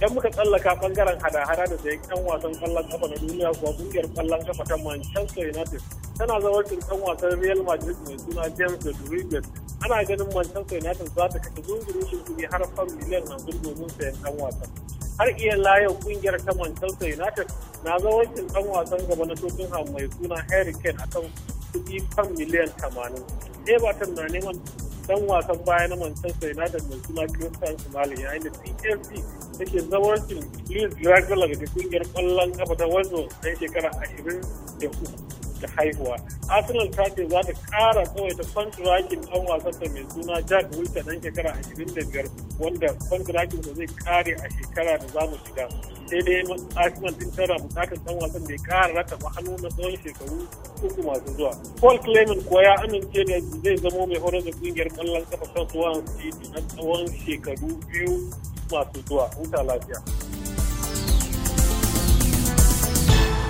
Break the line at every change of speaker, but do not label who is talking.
idan muka tsallaka bangaren hada-hada da sai kan wasan kwallon kafa na duniya kuwa kungiyar kwallon kafa ta Manchester United tana zawarcin kan wasan Real Madrid mai suna James Rodriguez ana ganin Manchester United za ta kashe shi kuɗi har fan miliyan hamsin domin sayan kan wasan. har iya layin kungiyar ta Manchester United na zawancin kan wasan gaba na tokin mai suna Harry Kane akan kuɗi kan miliyan 80. Everton na neman dan wasan baya na Manchester United mai suna Christian Smalley yayin da PSV take zawarcin Luis Dragola da kungiyar kwallon kafa ta Wolves dan shekara 23 da haihuwa. arsenal ta ce za ta kara ta kwantirakin ɗan wasan ta mai suna jack wilson dan shekara ashirin da biyar wanda kwantirakin zai kare a shekara da za mu shiga sai dai arsenal din tara bukatar ɗan wasan da ya kara rataba hannu na tsawon shekaru uku masu zuwa paul clement kuwa ya amince da zai zamo mai horar da kungiyar kallon kafa ta na tsawon shekaru biyu masu zuwa huta lafiya